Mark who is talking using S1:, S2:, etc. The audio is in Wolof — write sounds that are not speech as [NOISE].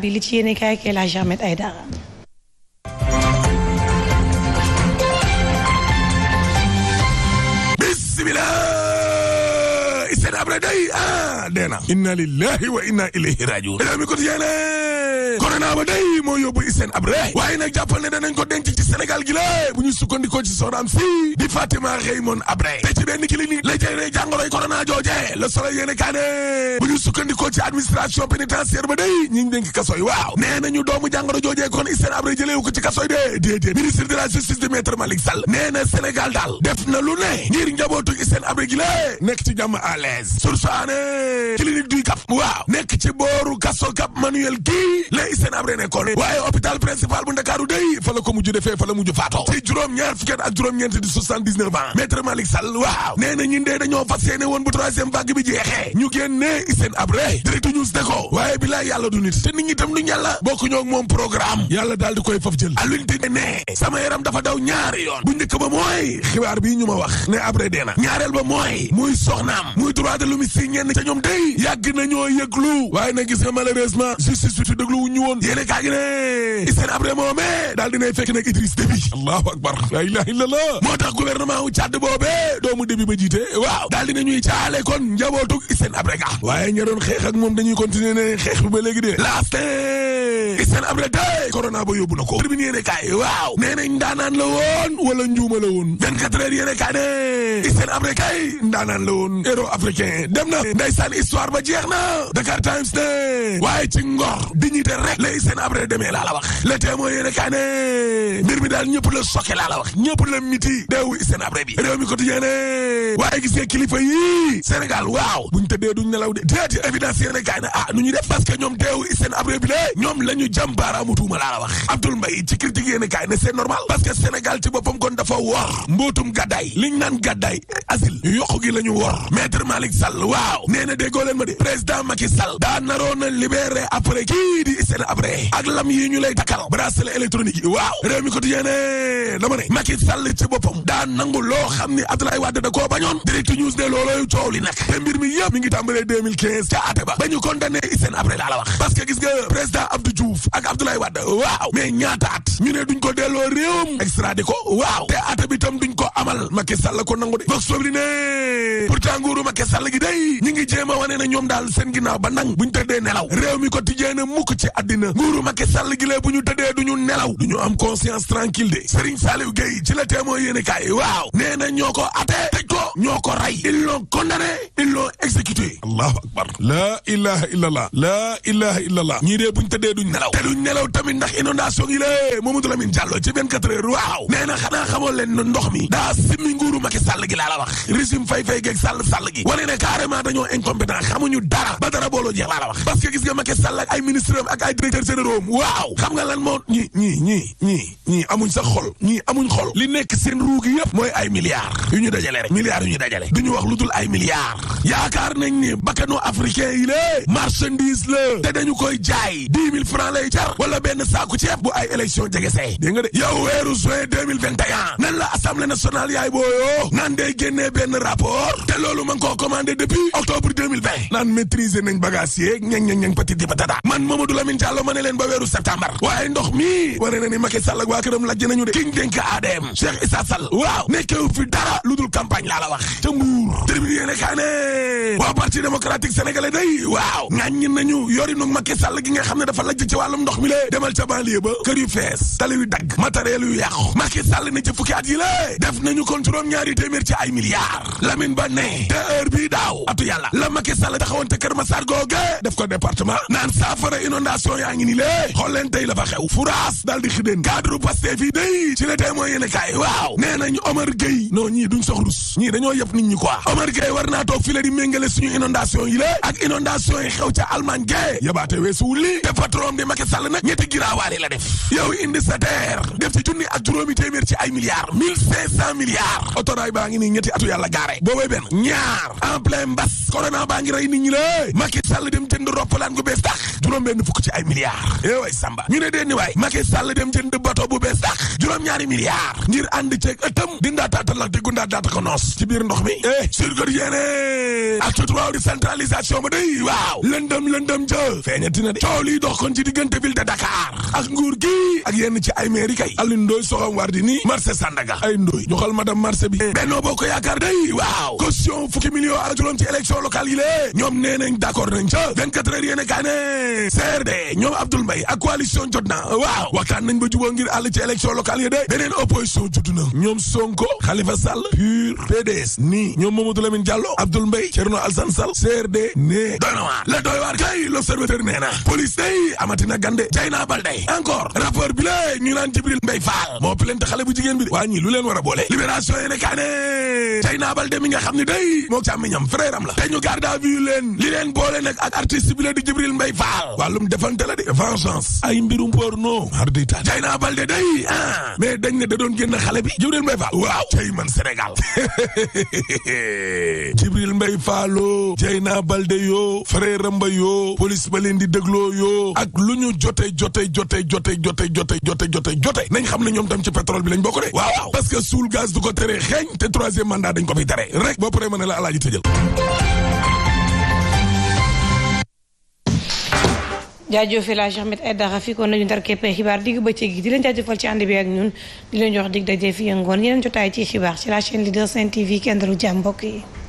S1: bi li ci yéene kaay kee la Ahmed Aïdara bismillah après day ah dee na inna lillahi wa inna ilayhi rajiun réew mi quotidien corona ba day moo yóbbu Hissène Habré waaye nag jàppal ne danañ ko denc ci Sénégal gi la bu ñu sukkandikoo ci soxnaam si di Fatima Raymond Habré te ci benn clinique lay jëy ne jàngoroy jooje Le Soleil yéene kaane bu ñu sukkandikoo ci administration pénitentiaire ba day ñi ngi dénk kasoy waaw nee nañu doomu jàngoro joojee kon Hissène Habré jëleewu ko ci kasoy de déedéet ministre de la justice de maître Malick na Sénégal daal def na lu ne ngir njabootu Hissène Habré la sursoané clinique du Cap waaw nekk ci booru kaso Cap Manuel gii la Hissène Habré nekkoon waaye hôpital principal bu Ndakaaru day fa la ko mujj defee fa la mujj faatoo ci juróom-ñaar fukki ak juróom-ñeent di soixante-dix-neuf waaw nee na ñun dañoo fas yéene woon bu troisième vague bi jeexee ñu génnee Hissène Habré direct news ne ko waaye bilaay yàlla du nit te nit ñi tam duñ yàlla bokku ñoo moom programme yàlla daal di koy faf jël Alioune Tine ñu ma ne Habré dee Barthélemy si ñenn ca ñoom day yàgg nañoo yëglu waaye nag gis nga malheureusement justice bi ci déglu wu ñu woon yéene kaa gi ne Hissène Habré moomee daal dinay fekk nag Idriss Déby allahu akbar la ilaha illallah moo tax gouvernement wu Tchad boobee doomu Déby ba jiite waaw daal dinañuy caale kon njabootug Hissène Habré ga waaye ña xeex ak moom dañuy continuer ne xeex bi ba léegi Hissène Habré day corona ba yóbbu na ko tribune yéene kaay waaw nee nañ la woon wala njuuma la woon 24 heures yéene kaay ne Hissène Habré kay ndaanaan la woon héros africain dem na ndeysaan histoire ba jeex na Dakar Times ne waaye ci ngor dignité rek la Hissène Habré demee laa la wax le témoin yéene kaay ne mbir daal ñëpp la soke laa la wax ñëpp la miti deewu Hissène Habré bi réew mi quotidien ne waaye gisee kilifa yi Sénégal waaw buñ tëddee duñ nelaw de déet évidence yéene ah, nu ñu def parce que de ñoom lañu ñu tuuma laa la wax Abdoul Mbaye ci critique yéen kaay ne c'est normal parce que ci boppam kon dafa wor mbootum gàddaay liñ naan gàddaay asile yokk gi la wor maître Malick Sall waaw nee na déggoo leen ma de président Macky Sall daa naroon a libéré après kii di Hissène Habré ak lam yi ñu lay takkal bracelet électronique waaw réew mi quotidien ne dama ne Macky Sall ci boppam daa nangu loo xam ni Abdoulaye Wade da koo bañoon direct news ne loolooyu Diouf ak Abdoulaye Wade waaw mais ñaata at ñu ne duñ ko delloo réewam extradé ko waaw te at bi tam duñ ko amal Macky salla ko nangu de Vox Populi ne pourtant nguuru Macky Sall gi day ñi ngi jéem a wane na ñoom daal seen ginnaaw ba nang buñ tëddee nelaw réew mi quotidien ne mukk ci àddina nguuru Macky Sall gi lee bu ñu tëddee duñu nelaw duñu am conscience tranquille de Serigne Saliou Gueye ci la témoin yéene kaay waaw nee na ñoo ko atee tëj ko ñoo ko rey ils l'ont condamné ils l'ont exécuté allahu akbar la ilaha illallah la ilaha illallah ñii dee buñ tëddee duñ nelaw nelaw te duñ nelaw tamit ndax inondation yi lée Mamadou Lamine Diallo ci 24 heures waaw nee na xanaa xamoo leen na ndox mi daa simmi nguuru Macky Sall gi laa la wax régime fay fay geeg Sall Sall gi wane ne carrément dañoo incompétent xamuñu dara ba dara booloo jeex laa la wax parce gis nga Macky Sall ak ay ministre am ak ay directeur li nekk seen ruu gi yëpp mooy ay milliards yu ñu dajale rek milliards yu ñu dajale duñu wax lu dul ay milliards yaakaar nañ ni bakkanu africain lay jar wala benn saaku ceeb bu ay élection jege see dégg nga de yow weeru juin 2021 nan la assemblée nationale yaay booyoo naan day génnee benn rapport te loolu ma ngi koo commandé depuis octobre 2020 naan nañ bagage yeeg ñang ñang patiti patata man Mamadou Lamine Diallo ma ne leen ba weeru septembre waaye ndox mi wane na ni Macky Sall waa këram lajj nañu de kiñ dénk ADM Cheikh Issa Sall waaw nekkewu fi dara lu dul campagne laa la wax te mbuur tribune yéene kaa wàllum ndox mi lee demal ca banlieue ba kër yu fees tali yu dagg matériel yu yàqu Macky Sall ci fukki at yi lée def nañu kon juróom-ñaari téeméer ci ay milliards Lamine ba ne te heure bii daaw atu yàlla la Macky Sall taxawoon te Kër Massar googe def ko département naan saafara inondation yaa ngi ni lée xool leen tey la fa xew furaas daal di xidéen cadre Pastef yi day ci le témoin yéen a kaay waaw nee nañ Omar Gueye non ñii duñ sox rus ñii dañoo Macky Sall nag ñetti giraawaale la def yow indi sa terre def ci junni ak juróomi téeméer ci ay milliards mille cinq cent milliards autorail baa ngi nii ñetti atu yàlla gaare boobay benn ñaar en mbas corona baa ngi rey nit ñi la Macky dem jënd roppalaan gu bees tax juróom benn fukk ci ay milliards eh way Samba ñu ne deen ni waay dem jënd bato bu bees tax juróom-ñaari milliards ngir ànd ceeg ëttam di ndaataatal ak di gundaa daata ko noos ci biir diggante ville de Dakar ak nguur gi ak yenn ci ay mairie kay Alioune Ndoye Soham Wardini marché Sandaga ay Ndoye joxal madame marché bi Benno Bokk Yaakaar day waaw caution fukki millions ak juróom ci élection locale yi ñoom nee nañ d'accord nañ ca 24 heures yéene ñoom Abdoul Mbaye ak coalition jot na waaw waxtaan nañ ba juboo ngir àll ci élection locale yi de beneen opposition judd na ñoom Sonko Khalifa Sall PUR PDS nii ñoom Mamadou la doy waar kay l'observateur nee na police day dina gande jay naa bal day encore rapport bi lée ñu naan Jibril Mbay Faal moo plainte xale jigéen bi waa ñii lu leen a boole libération yéene kaa ne jay naa bal mi nga xam ne day moo càmmiñam frère am la te ñu garde à vue leen boole nag ak artiste bi di Jibril Mbay Faal wàllum defante la de vengeance ay mbirum porno har day taal jay naa day ah mais dañ ne da doon génn xale bi Jibril Mbay Faal waaw tey man Sénégal [LAUGHS] Jibril Mbay Faalo jay naa bal de yoo frère am ba yoo police ba ñu jote jote jote jote jote jote jote jote jote nañ xam na ñoom tam ci pétrole bi lañ bokk de waaw waaw que suul gaz du ko tere xeeñ te troisième mandat dañ ko fiy tere rek boo paree ma ne la alaaji tëjal jaajëf El Hadj Ahmed Aidara fi kon nañu ndar keppee xibaar digg bëccëg gi di leen jaajëfal ci ànd bi ak ñun di leen jox dig daje fi yëngoon yeneen jotaay ci xibaar ci la chaîne leader Sen TV kenn dalu jàmm mbokk yi